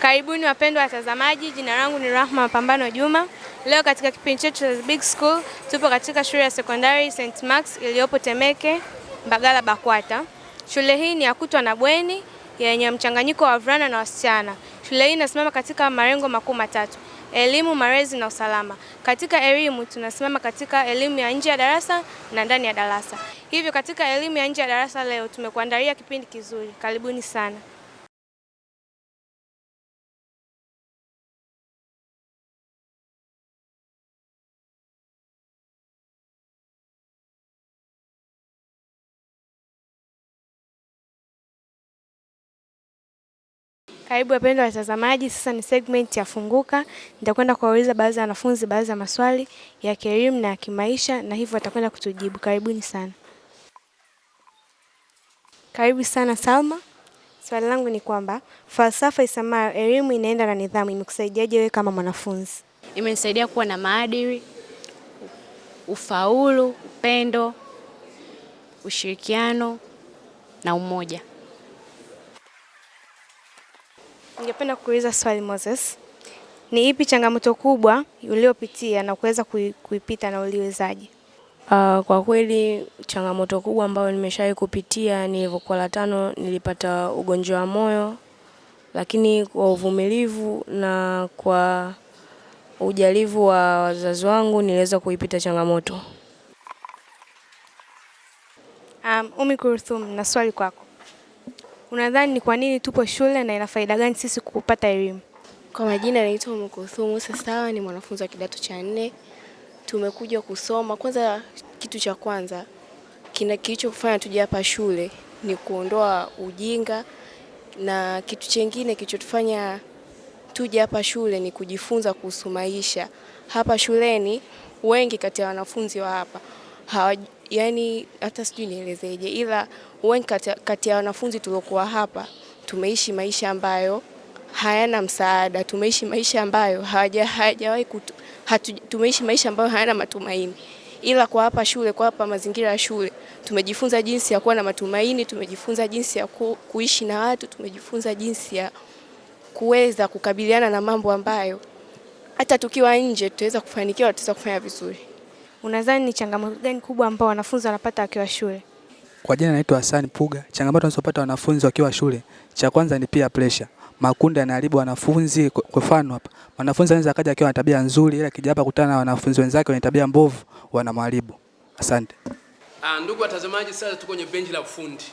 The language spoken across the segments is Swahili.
Karibuni wapendwa watazamaji, jina langu ni Rahma Mapambano Juma. Leo katika kipindi chetu cha Big School tupo katika shule ya sekondari St. Max iliyopo Temeke, Mbagala Bakwata. Shule hii ni ya kutwa na bweni yenye mchanganyiko wa wavulana na wasichana. Shule hii inasimama katika malengo makuu matatu: elimu, malezi na usalama. Katika elimu tunasimama katika elimu ya nje ya darasa na ndani ya darasa. Hivyo katika elimu ya nje ya darasa leo tumekuandalia kipindi kizuri. Karibuni sana. Karibu wapendwa watazamaji, sasa ni segment ya Funguka. Nitakwenda kuwauliza baadhi ya wanafunzi baadhi ya maswali ya kielimu na kimaisha, na hivyo watakwenda kutujibu. Karibuni sana. Karibu sana Salma. Swali langu ni kwamba falsafa isemayo elimu inaenda na nidhamu imekusaidiaje wewe kama mwanafunzi? Imenisaidia kuwa na maadili, ufaulu, upendo, ushirikiano na umoja. Ningependa kuuliza swali Moses. Ni ipi changamoto kubwa uliopitia na kuweza kuipita na uliwezaje? Uh, kwa kweli changamoto kubwa ambayo nimeshawahi kupitia, nilivyokuwa la tano nilipata ugonjwa wa moyo, lakini kwa uvumilivu na kwa ujalivu wa wazazi wangu niliweza kuipita changamoto. Um, Umi na swali kwako. Unadhani ni kwa nini tupo shule na ina faida gani sisi kupata elimu? Kwa majina naitwa Mkuthumu Musa ni mwanafunzi wa kidato cha nne. Tumekuja kusoma. Kwanza, kitu cha kwanza kina kilichofanya tuje hapa shule ni kuondoa ujinga, na kitu chingine kilichotufanya tuje hapa shule ni kujifunza kuhusu maisha. Hapa shuleni wengi kati ya wanafunzi wa hapa yani hata sijui nielezeje, ila wengi kati ya wanafunzi tuliokuwa hapa tumeishi maisha ambayo hayana msaada, tumeishi maisha ambayo hajawahi tumeishi maisha ambayo hayana matumaini, ila kwa hapa shule, kwa hapa mazingira ya shule tumejifunza jinsi ya kuwa na matumaini, tumejifunza jinsi ya ku, kuishi na watu, tumejifunza jinsi ya kuweza kukabiliana na mambo ambayo hata tukiwa nje tutaweza kufanikiwa, tutaweza kufanya vizuri. Unadhani ni changamoto gani kubwa ambao wanafunzi wanapata wakiwa shule? Kwa jina naitwa Hassan Puga. Changamoto wanazopata wanafunzi wakiwa shule, cha kwanza ni peer pressure. Makundi yanaharibu wanafunzi. Kwa mfano hapa, wanafunzi anaweza kaja akiwa na tabia nzuri, ila kija hapa kutana na wanafunzi wenzake wenye tabia mbovu wanamharibu. Asante. Ah, ndugu watazamaji, sasa tuko kwenye benchi la ufundi.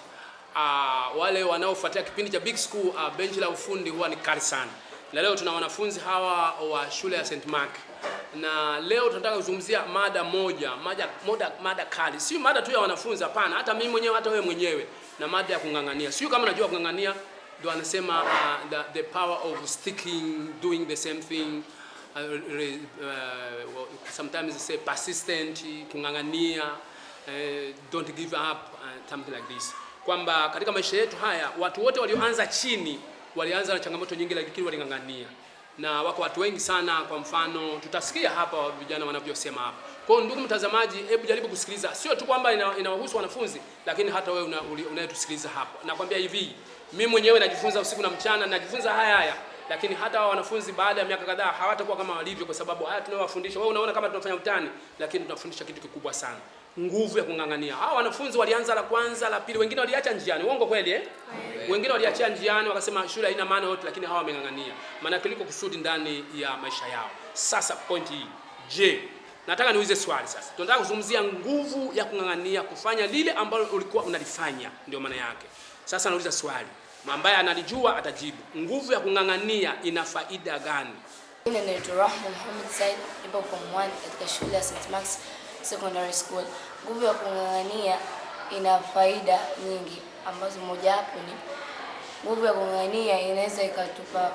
Ah, wale wanaofuatia kipindi cha Big School, ah, benchi la ufundi huwa ni kali sana, na leo tuna wanafunzi hawa wa shule ya St. Mark na leo tunataka kuzungumzia mada moja, mada, mada, mada kali, sio mada tu ya wanafunzi. Hapana, hata mimi mwenyewe, hata wewe mwenyewe, na mada ya kung'ang'ania. Sio kama najua kung'ang'ania, ndio anasema uh, the, the power of sticking doing the same thing uh, re, uh, sometimes they say persistent, kung'ang'ania uh, don't give up uh, something like this, kwamba katika maisha yetu haya watu wote walioanza chini walianza na changamoto nyingi, lakini waling'ang'ania na wako watu wengi sana. Kwa mfano tutasikia hapa vijana wanavyosema hapa. Kwa hiyo ndugu mtazamaji, hebu jaribu kusikiliza, sio tu kwamba inawahusu ina wanafunzi, lakini hata wewe unayetusikiliza hapa, nakwambia hivi, mimi mwenyewe najifunza usiku na mchana, najifunza haya haya lakini hata hawa wanafunzi baada ya miaka kadhaa hawatakuwa kama walivyo, kwa sababu haya tunayowafundisha. Wewe unaona kama tunafanya utani, lakini tunafundisha kitu kikubwa sana nguvu ya kung'ang'ania. Hawa wanafunzi walianza la kwanza, la pili, wengine waliacha njiani. Uongo kweli eh? Wengine waliacha njiani wakasema shule haina maana yote, lakini hawa wameng'ang'ania, maana kiliko kusudi ndani ya maisha yao. Sasa point hii, je, nataka niulize swali sasa. Tunataka kuzungumzia nguvu ya kung'ang'ania kufanya lile ambalo ulikuwa unalifanya, ndio maana yake. Sasa nauliza swali, ambaye analijua atajibu. Nguvu ya kung'ang'ania ina faida gani? Mimi naitwa Rahma Muhammad Said, ipo form 1 katika shule ya St. Max secondary school. Nguvu ya kung'ang'ania ina faida nyingi, ambazo mojawapo ni nguvu ya kung'ang'ania inaweza ikatupa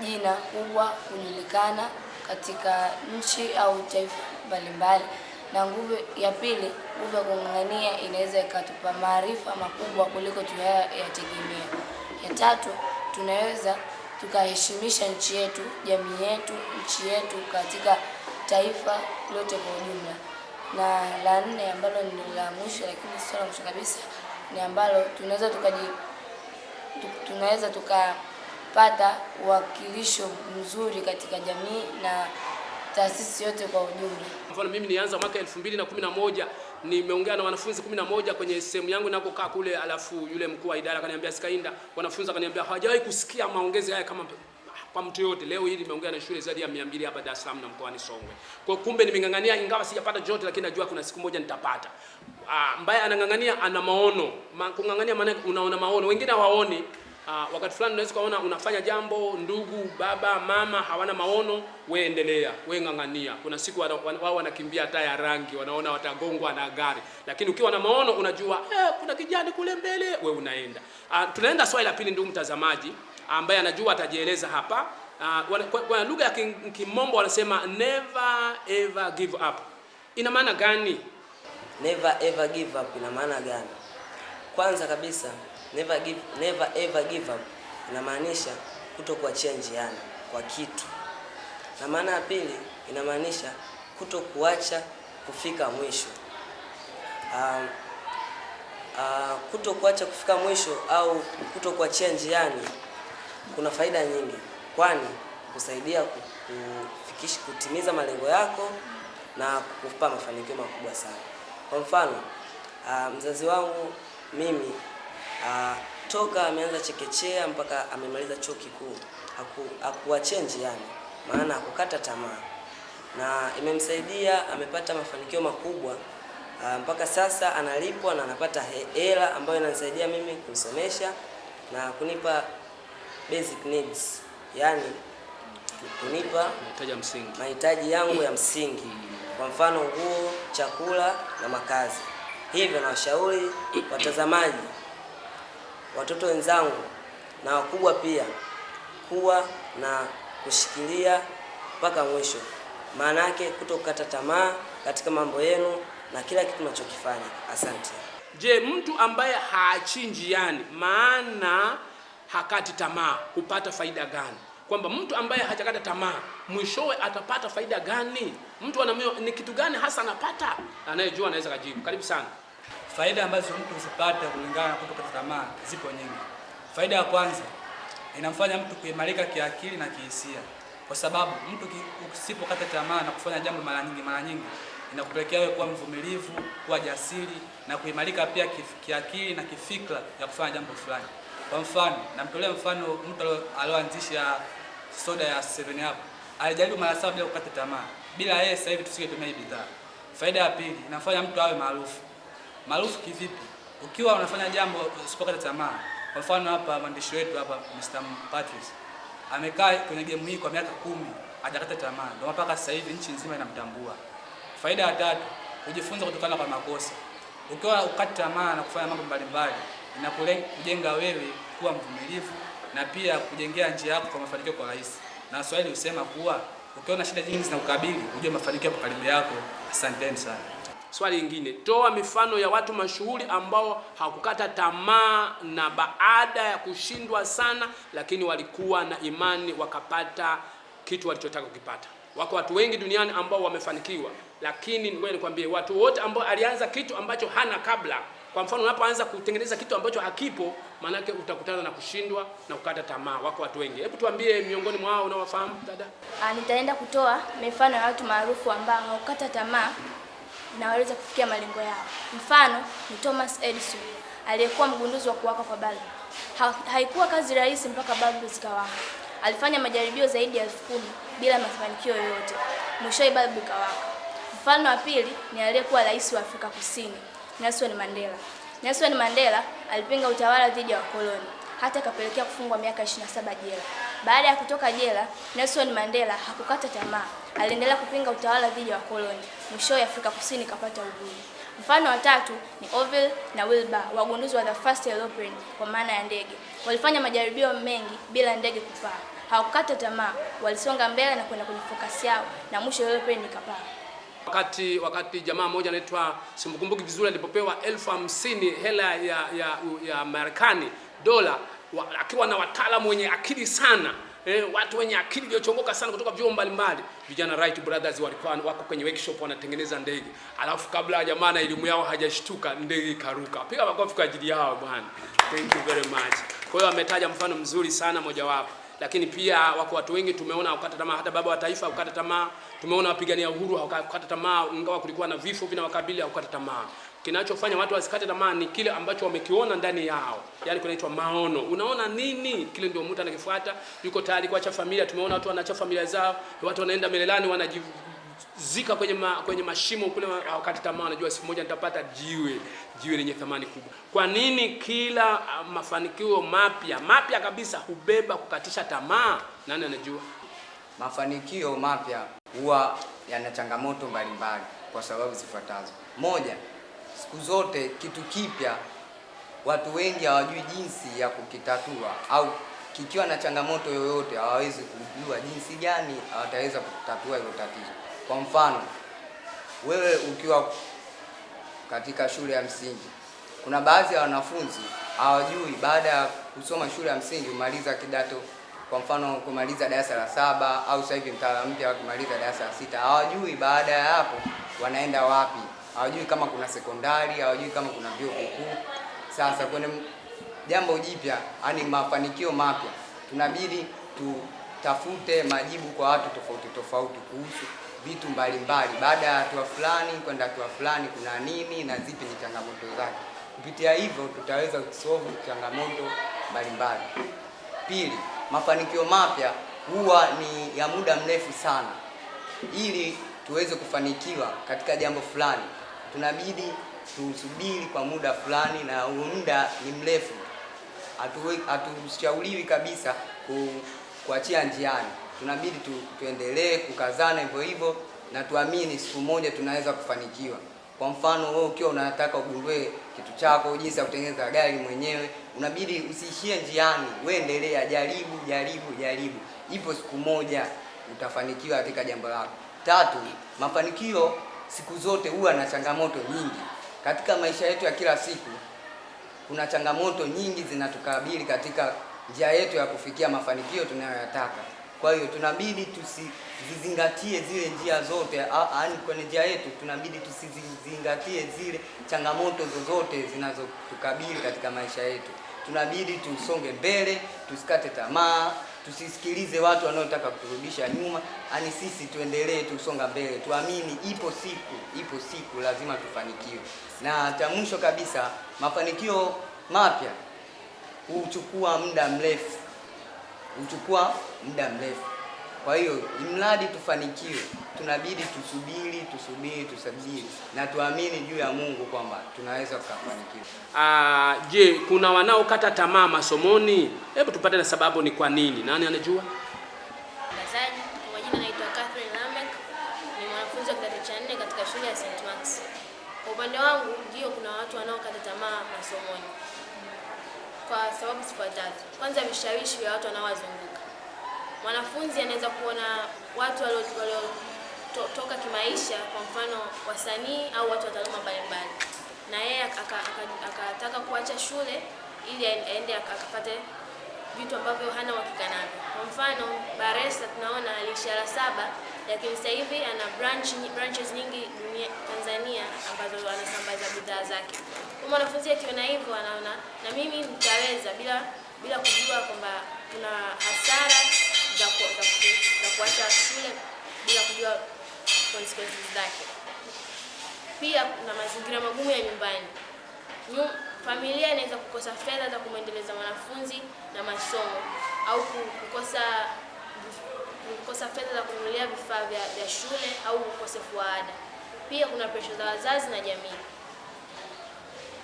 jina kubwa, kujulikana katika nchi au taifa mbalimbali, na nguvu ya pili, nguvu ya kung'ang'ania inaweza ikatupa maarifa makubwa kuliko tunayoyategemea. Ya tatu, tunaweza tukaheshimisha nchi yetu, jamii yetu, nchi yetu katika taifa lote kwa ujumla na la nne ambalo ni la mwisho lakini sio la mwisho kabisa ni ambalo tunaweza tukaji tunaweza tukapata uwakilisho mzuri katika jamii na taasisi yote kwa ujumla. Mfano, mimi nianza mwaka 2011 nimeongea na wanafunzi 11 kwenye sehemu yangu ninakokaa kule, alafu yule mkuu wa idara akaniambia, Sikainda, wanafunzi akaniambia hawajawahi kusikia maongezi haya kama kwa mtu yote. Leo hii nimeongea na shule zaidi ya 200 hapa Dar es Salaam na mkoani Songwe. Kwa kumbe nimeng'ang'ania, ingawa sijapata jote, lakini najua kuna siku moja nitapata. Ah, mbaya anang'ang'ania ana maono. Ma, kung'ang'ania maana unaona maono. Wengine hawaoni. Ah, wakati fulani unaweza kuona unafanya jambo, ndugu, baba, mama hawana maono, we endelea, we ng'ang'ania. Kuna siku wao wana, wanakimbia wana hata ya rangi, wanaona watagongwa na gari. Lakini ukiwa na maono unajua eh, kuna kijani kule mbele, we unaenda. Ah, tunaenda swali la pili ndugu mtazamaji ambaye anajua atajieleza hapa. Uh, kwa, lugha ya Kimombo wanasema never ever give up. Ina maana gani? Never ever give up ina maana gani? Kwanza kabisa never give, never ever give up inamaanisha kutokuachia njiani kwa kitu, na maana ya pili inamaanisha kutokuacha kufika mwisho. Um, uh, kutokuacha kufika mwisho au kutokuachia njiani kuna faida nyingi, kwani kusaidia kufikisha kutimiza malengo yako na kukupa mafanikio makubwa sana. Kwa mfano uh, mzazi wangu mimi uh, toka ameanza chekechea mpaka amemaliza chuo kikuu hakuwa change yani, maana hakukata tamaa na imemsaidia amepata mafanikio makubwa uh, mpaka sasa analipwa na anapata hela ambayo inanisaidia mimi kumsomesha na kunipa basic needs, yani kunipa mahitaji yangu ya msingi, kwa mfano nguo, chakula na makazi. Hivyo nawashauri watazamaji, watoto wenzangu na wakubwa pia, kuwa na kushikilia mpaka mwisho, maana yake kutokata tamaa katika mambo yenu na kila kitu mnachokifanya. Asante. Je, mtu ambaye haachinji yani maana hakati tamaa hupata faida gani? Kwamba mtu ambaye hajakata tamaa mwishowe atapata faida gani? Mtu anamyo, ni kitu gani hasa anapata? Anayejua anaweza kujibu. Karibu sana. Faida ambazo mtu huzipata kulingana na kutokata tamaa zipo nyingi. Faida ya kwanza inamfanya mtu kuimarika kiakili na kihisia, kwa sababu mtu usipokata tamaa na kufanya jambo mara nyingi mara nyingi inakupelekea wewe kuwa mvumilivu, kuwa jasiri na kuimarika pia kiakili na kifikra ya kufanya jambo fulani. Kwa mfano, namtolea mfano mtu alioanzisha soda ya 7 Up. Alijaribu mara saba bila kukata tamaa. Bila yeye sasa hivi tusingetumia hii bidhaa. Faida ya pili, inafanya mtu awe maarufu. Maarufu kivipi? Ukiwa unafanya jambo usipokata tamaa. Kwa mfano hapa mwandishi wetu hapa Mr. Patrice amekaa kwenye game hii kwa miaka kumi hajakata tamaa. Ndio mpaka sasa hivi nchi nzima inamtambua. Faida ya tatu, kujifunza kutokana kwa makosa. Ukiwa ukata tamaa na kufanya mambo mbalimbali na kujenga wewe kuwa mvumilivu na pia kujengea njia yako kwa mafanikio kwa rahisi. Na swahili husema kuwa ukiona shida nyingi zinakukabili, ujue mafanikio yako karibu yako. Asanteni sana. Swali lingine, toa mifano ya watu mashuhuri ambao hakukata tamaa na baada ya kushindwa sana, lakini walikuwa na imani wakapata kitu walichotaka kukipata. Wako watu wengi duniani ambao wamefanikiwa, lakini ngoja nikwambie, watu wote ambao alianza kitu ambacho hana kabla kwa mfano, unapoanza kutengeneza kitu ambacho hakipo, maanake utakutana na kushindwa na kukata tamaa. Wako watu wengi, hebu tuambie miongoni mwao unawafahamu dada. Ah, nitaenda kutoa mifano ya watu maarufu ambao hawakukata tamaa na waweza kufikia malengo yao. Mfano ni Thomas Edison aliyekuwa mgunduzi wa kuwaka kwa balbu. Ha, haikuwa kazi rahisi mpaka balbu zikawaka. Alifanya majaribio zaidi ya elfu kumi bila mafanikio yoyote, mwishowe balbu ikawaka. Mfano wa pili ni aliyekuwa rais wa Afrika Kusini Nelson Mandela. Nelson Mandela alipinga utawala dhidi ya wakoloni hata akapelekea kufungwa miaka 27 jela. Baada ya kutoka jela, Nelson Mandela hakukata tamaa, aliendelea kupinga utawala dhidi ya wakoloni. Mwishowe Afrika Kusini ikapata uhuru. Mfano wa tatu ni Orville na Wilbur, wagunduzi wa the first aeroplane, kwa maana ya ndege. Walifanya majaribio mengi bila ndege kupaa. Hawakukata tamaa, walisonga mbele na kwenda kwenye fokasi yao, na mwisho aeroplane ikapaa. Wakati wakati jamaa moja anaitwa simkumbuki vizuri, alipopewa elfu hamsini hela ya ya, ya Marekani dola, akiwa na wataalamu wenye akili sana eh, watu wenye akili iliyochongoka sana kutoka vyuo mbalimbali, vijana Wright brothers walikuwa wako kwenye workshop wanatengeneza ndege, alafu kabla jamaa na elimu yao hajashtuka ndege ikaruka. Piga makofi kwa ajili yao bwana, thank you very much. Kwa hiyo ametaja mfano mzuri sana mojawapo lakini pia wako watu wengi tumeona wakata tamaa, hata baba wa taifa ukata tamaa. Tumeona wapigania uhuru hawakata tamaa, ingawa kulikuwa na vifo vinawakabili, hawakata tamaa. Kinachofanya watu wasikate tamaa ni kile ambacho wamekiona ndani yao, yani kunaitwa maono. Unaona nini? Kile ndio mtu anakifuata, yuko tayari kuacha familia. Tumeona watu wanaacha familia zao, watu wanaenda melelani wanajivu zika kwenye, ma, kwenye mashimo kule, wakati tamaa, najua siku moja nitapata jiwe, jiwe lenye thamani kubwa. Kwa nini kila uh, mafanikio mapya mapya kabisa hubeba kukatisha tamaa? Nani anajua? Mafanikio mapya huwa yana changamoto mbalimbali kwa sababu zifuatazo. Moja, siku zote kitu kipya watu wengi hawajui jinsi ya kukitatua, au kikiwa na changamoto yoyote hawawezi kujua jinsi gani hawataweza kutatua hilo tatizo. Kwa mfano, wewe ukiwa katika shule ya msingi, kuna baadhi ya wanafunzi hawajui baada ya kusoma shule ya msingi umaliza kidato, kwa mfano kumaliza darasa la saba au sasa hivi mtaala mpya wakimaliza darasa la sita, hawajui baada ya hapo wanaenda wapi, hawajui kama kuna sekondari, hawajui kama kuna vyuo vikuu. Sasa kwenye jambo jipya, yani mafanikio mapya, tunabidi tutafute majibu kwa watu tofauti tofauti kuhusu vitu mbalimbali, baada ya hatua fulani kwenda hatua fulani, kuna nini na zipi ni changamoto zake. Kupitia hivyo tutaweza kusolve changamoto mbalimbali. Pili, mafanikio mapya huwa ni ya muda mrefu sana. Ili tuweze kufanikiwa katika jambo fulani, tunabidi tusubiri kwa muda fulani, na huo muda ni mrefu. Hatushauriwi kabisa kuachia njiani tunabidi tu, tuendelee kukazana hivyo hivyo na tuamini siku moja tunaweza kufanikiwa. Kwa mfano wewe ukiwa unataka ugundue kitu chako, jinsi ya kutengeneza gari mwenyewe, unabidi usiishie njiani, wewe endelea, jaribu jaribu jaribu, ipo siku moja utafanikiwa katika jambo lako. Tatu, mafanikio siku zote huwa na changamoto nyingi. Katika maisha yetu ya kila siku kuna changamoto nyingi zinatukabili katika njia yetu ya kufikia mafanikio tunayoyataka. Kwa hiyo tunabidi tusizingatie zile njia zote, yaani kwenye njia yetu tunabidi tusizingatie zile changamoto zozote zinazotukabili katika maisha yetu. Tunabidi tusonge mbele, tusikate tamaa, tusisikilize watu wanaotaka kuturudisha nyuma, yaani sisi tuendelee tusonga mbele, tuamini ipo siku, ipo siku lazima tufanikiwe. Na cha mwisho kabisa, mafanikio mapya huchukua muda mrefu huchukua muda mrefu. Kwa hiyo mradi tufanikiwe, tunabidi tusubiri, tusubiri, tusubiri na tuamini juu ya Mungu kwamba tunaweza kufanikiwa. Ah, je, kuna wanaokata tamaa masomoni? Hebu tupate na sababu ni kwa nini, nani anajua? Kwa jina naitwa Catherine Lamek, ni mwanafunzi wa kidato cha nne katika shule ya St. Max. Kwa upande wangu, ndio kuna watu wanaokata tamaa masomoni kwa sababu zifuatazo. Kwanza, vishawishi vya watu wanaowazunguka. Mwanafunzi anaweza kuona watu waliotoka to, kimaisha, kwa mfano wasanii au watu wa taaluma mbalimbali, na yeye akataka kuacha shule ili aende akapate vitu ambavyo hana uhakika navyo. Kwa mfano Baresa tunaona alishara saba lakini sasa hivi ana branch, branches nyingi dunia Tanzania ambazo anasambaza bidhaa zake. Kwa mwanafunzi akiona hivyo anaona na mimi nitaweza, bila bila kujua kwamba kuna hasara za kuacha shule bila kujua consequences zake. Pia kuna mazingira magumu ya nyumbani. Familia inaweza kukosa fedha za kumwendeleza mwanafunzi na masomo au kukosa kukosa fedha za kununulia vifaa vya, vya shule au ukosefu wa ada. Pia kuna presha za wazazi na jamii.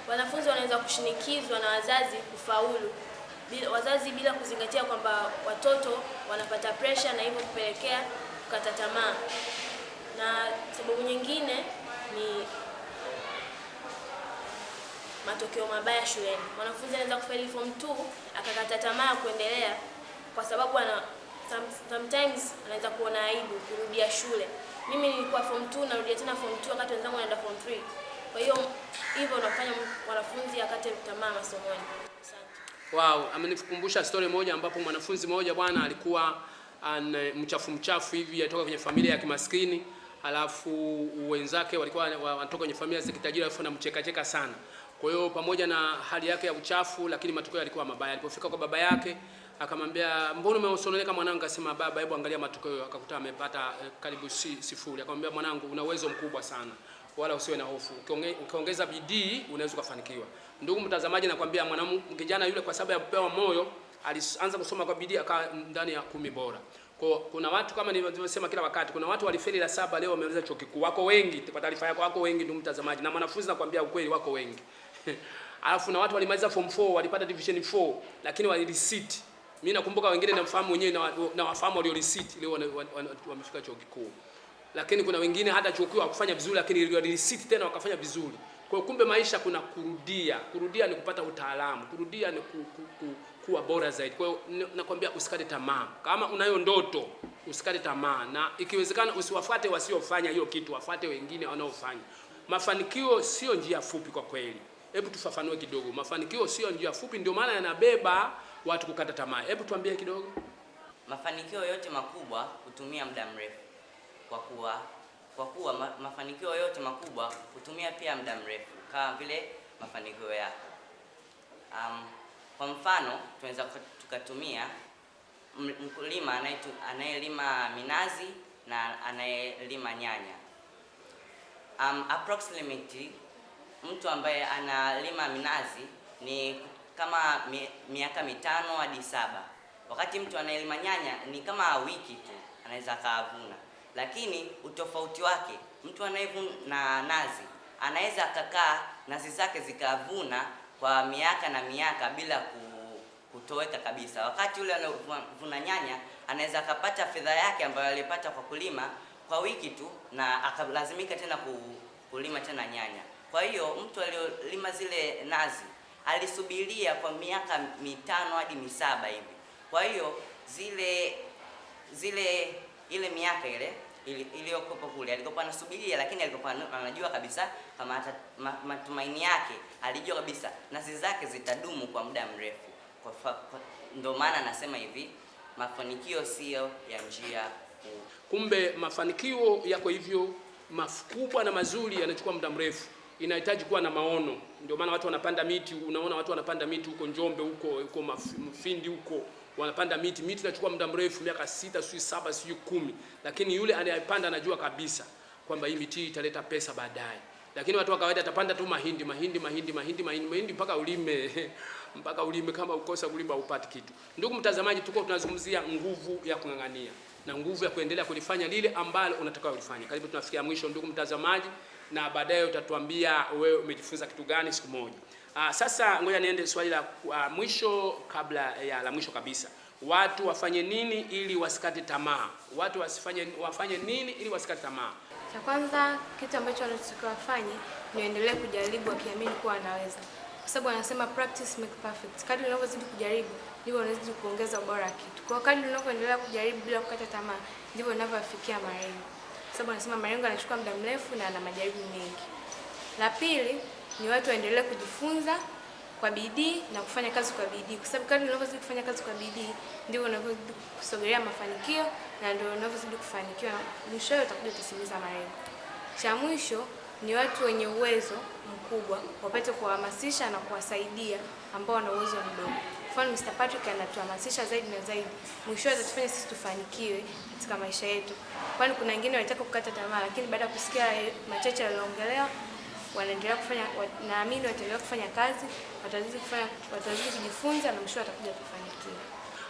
Wanafunzi wanaweza kushinikizwa na wazazi kufaulu bila, wazazi bila kuzingatia kwamba watoto wanapata presha na hivyo kupelekea kukata tamaa, na sababu nyingine ni matokeo mabaya shuleni. Mwanafunzi anaweza kufeli form 2 akakata tamaa kuendelea kwa sababu ana sometimes anaweza kuona aibu kurudia shule. Mimi nilikuwa form 2 narudia tena form 2 wakati wenzangu wanaenda form 3. Kwa hiyo hivyo nafanya wanafunzi akate tamaa masomoni. Asante. Wow, amenikumbusha story moja ambapo mwanafunzi mmoja bwana alikuwa an, mchafu mchafu hivi alitoka kwenye familia ya kimaskini alafu wenzake walikuwa wanatoka kwenye familia za kitajiri alafu anamcheka cheka sana. Kwa hiyo pamoja na hali yake ya uchafu, lakini matokeo yalikuwa mabaya. Alipofika kwa baba yake akamwambia mbona umesononeka mwanangu? Akasema baba, hebu angalia matokeo. Akakuta amepata eh, karibu si, sifuri. Akamwambia mwanangu, una uwezo mkubwa sana, wala usiwe na hofu, ukiongeza bidii unaweza kufanikiwa. Ndugu mtazamaji, nakwambia mwanamke kijana yule kwa sababu ya kupewa moyo alianza kusoma kwa bidii, akawa ndani ya kumi bora. Kwa kuna watu kama nilivyosema kila wakati, kuna watu walifeli la saba, leo wameweza chuo kikuu. Wako wengi, kwa taarifa yako, wako wengi ndugu mtazamaji, na mwanafunzi nakwambia ukweli, wako wengi alafu na watu walimaliza form 4 walipata division 4 lakini walirisiti mimi nakumbuka wengine namfahamu wenyewe na, na wafahamu walio receipt leo wamefika chuo kikuu. Lakini kuna wengine hata chuo kikuu hakufanya vizuri lakini walio receipt tena wakafanya vizuri. Kwa kumbe maisha kuna kurudia. Kurudia ni kupata utaalamu. Kurudia ni ku, ku, ku, kuwa bora zaidi. Kwa hiyo nakwambia usikate tamaa. Kama unayo ndoto, usikate tamaa na ikiwezekana usiwafuate wasiofanya hiyo kitu, wafuate wengine wanaofanya. Mafanikio sio njia fupi kwa kweli. Hebu tufafanue kidogo, mafanikio sio njia fupi, ndio maana yanabeba watu kukata tamaa. Hebu tuambie kidogo. Mafanikio yote makubwa hutumia muda mrefu, kwa kuwa kwa kuwa ma, mafanikio yote makubwa hutumia pia muda mrefu kama vile mafanikio yako. Um, kwa mfano tunaweza tukatumia mkulima anayelima minazi na anayelima nyanya. Um, approximately mtu ambaye analima minazi ni kama miaka mitano hadi saba, wakati mtu anayelima nyanya ni kama wiki tu anaweza akavuna. Lakini utofauti wake, mtu anayevuna nazi anaweza akakaa nazi zake zikavuna kwa miaka na miaka bila kutoweka kabisa, wakati yule anayevuna nyanya anaweza akapata fedha yake ambayo alipata kwa kulima kwa wiki tu, na akalazimika tena kulima tena nyanya. Kwa hiyo mtu aliyolima zile nazi alisubiria kwa miaka mitano hadi misaba hivi. Kwa hiyo zile zile ile miaka ile iliyokopo kule alikopa anasubiria, lakini alikopa anajua kabisa kama matumaini yake, alijua kabisa nazi zake zitadumu kwa muda mrefu. Kwa ndio maana anasema hivi, mafanikio siyo ya njia kuu. Kumbe mafanikio yako hivyo makubwa na mazuri yanachukua muda mrefu inahitaji kuwa na maono. Ndio maana watu wanapanda miti, unaona watu wanapanda miti huko Njombe, huko huko Mfindi, huko wanapanda miti. Miti inachukua muda mrefu, miaka sita, sijui saba, sijui kumi, lakini yule anayepanda anajua kabisa kwamba hii miti italeta pesa baadaye. Lakini watu wa kawaida atapanda tu mahindi, mahindi, mahindi, mahindi, mahindi, mahindi mpaka ulime mpaka ulime. Kama ukosa kulima upati kitu. Ndugu mtazamaji, tuko tunazungumzia nguvu ya kung'ang'ania na nguvu ya kuendelea kulifanya lile ambalo unataka ulifanya. Karibu tunafikia mwisho, ndugu mtazamaji na baadaye utatuambia wewe umejifunza kitu gani siku moja. Aa, ah, sasa ngoja niende swali la uh, mwisho kabla ya la mwisho kabisa. Watu wafanye nini ili wasikate tamaa? Watu wasifanye wafanye nini ili wasikate tamaa? Cha kwanza kitu ambacho wanatakiwa wafanye ni waendelee kujaribu wakiamini kuwa wanaweza, kwa sababu wanasema practice make perfect. Kadri unavyozidi kujaribu ndivyo unazidi kuongeza ubora wa kitu. Kwa kadri unavyoendelea kujaribu bila kukata tamaa ndivyo unavyofikia malengo sababu anasema malengo yanachukua muda mrefu na ana majaribu mengi. La pili ni watu waendelee kujifunza kwa bidii na kufanya kazi kwa bidii, kwa sababu kadri unavyozidi kufanya kazi kwa bidii ndivyo unavyozidi kusogelea mafanikio na ndio unavyozidi kufanikiwa, mwishowe utakuja kutimiza malengo. Cha mwisho ni watu wenye uwezo mkubwa wapate kuwahamasisha na kuwasaidia ambao wana uwezo mdogo. Kwa mfano Mr. Patrick anatuhamasisha zaidi na zaidi, mwishowe atatufanya sisi tufanikiwe katika maisha yetu, kwani kuna wengine wanataka kukata tamaa, lakini baada ya kusikia machache yaliyoongelewa wanaendelea kufanya, naamini wataendelea kufanya kazi, watazidi kufanya, watazidi kujifunza na mwishowe watakuja kufanikiwa.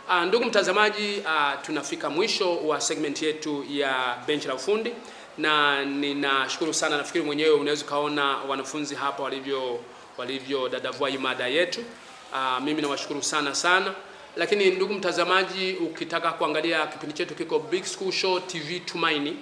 Uh, ndugu mtazamaji, uh, tunafika mwisho wa segment yetu ya benchi la ufundi na ninashukuru sana. Nafikiri mwenyewe unaweza ukaona wanafunzi hapa walivyo walivyo dadavua imada yetu. Aa, ah, mimi nawashukuru sana sana, lakini ndugu mtazamaji, ukitaka kuangalia kipindi chetu kiko Big School Show TV Tumaini.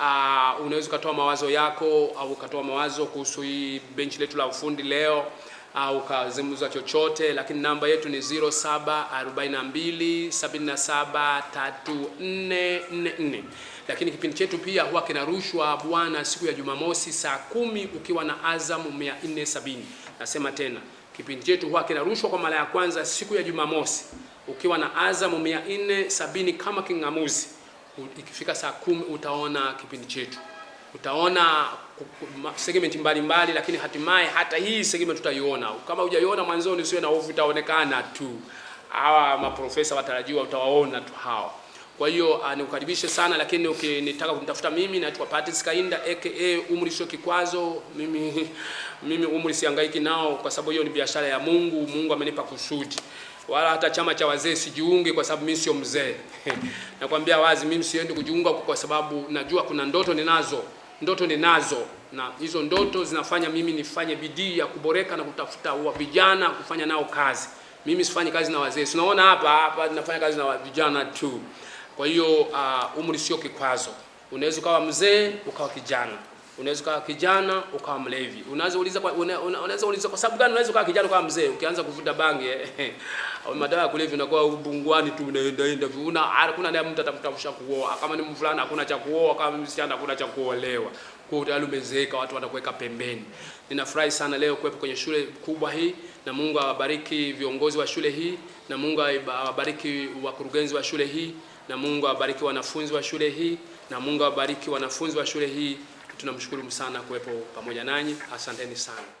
Ah, unaweza ukatoa mawazo yako au ukatoa mawazo kuhusu hii benchi letu la ufundi leo au ah, ukazungumza chochote, lakini namba yetu ni 0742773444. Lakini kipindi chetu pia huwa kinarushwa bwana siku ya Jumamosi saa kumi ukiwa na Azam 470. Nasema tena Kipindi chetu huwa kinarushwa kwa mara ya kwanza siku ya Jumamosi ukiwa na Azamu 470 kama king'amuzi. Ikifika saa kumi utaona kipindi chetu, utaona segment mbalimbali, lakini hatimaye hata hii segment tutaiona. Kama hujaiona mwanzoni, usiwe na hofu, itaonekana tu. Hawa maprofesa watarajiwa utawaona tu hawa. Kwa hiyo ah, nikukaribishe sana, lakini ukinitaka kunitafuta mimi, naitwa Patrice Kainda aka Umri Sio Kikwazo mimi Mimi umri sihangaiki nao, kwa sababu hiyo ni biashara ya Mungu. Mungu amenipa kusudi, wala hata chama cha wazee sijiunge, kwa sababu mimi sio mzee nakwambia wazi, mimi siendi kujiunga, kwa sababu najua kuna ndoto ninazo, ndoto ninazo, na hizo ndoto zinafanya mimi nifanye bidii ya kuboreka na kutafuta wa vijana kufanya nao kazi. Mimi sifanyi kazi na wazee, tunaona hapa hapa nafanya kazi na vijana tu. Kwa hiyo uh, ah, umri sio kikwazo, unaweza ukawa mzee ukawa kijana unaweza kuwa kijana ukawa mlevi. Unaweza uliza kwa una, unaweza uliza kwa sababu gani unaweza kuwa kijana ukawa mzee? Ukianza kuvuta bangi eh, eh, eh. au madawa ya kulevi unakuwa ubungwani tu unaenda enda una hakuna naye mtu atakutafuta kuoa. Kama ni mvulana hakuna cha kuoa, kama ni msichana hakuna cha kuolewa. Kwa hiyo tayari umezeeka, watu wanakuweka pembeni. Ninafurahi sana leo kuwepo kwenye shule kubwa hii na Mungu awabariki viongozi wa shule hii na Mungu awabariki wakurugenzi wa shule hii na Mungu awabariki wanafunzi wa shule hii na Mungu awabariki wanafunzi wa shule hii tunamshukuru sana kuwepo pamoja nanyi. Asanteni sana.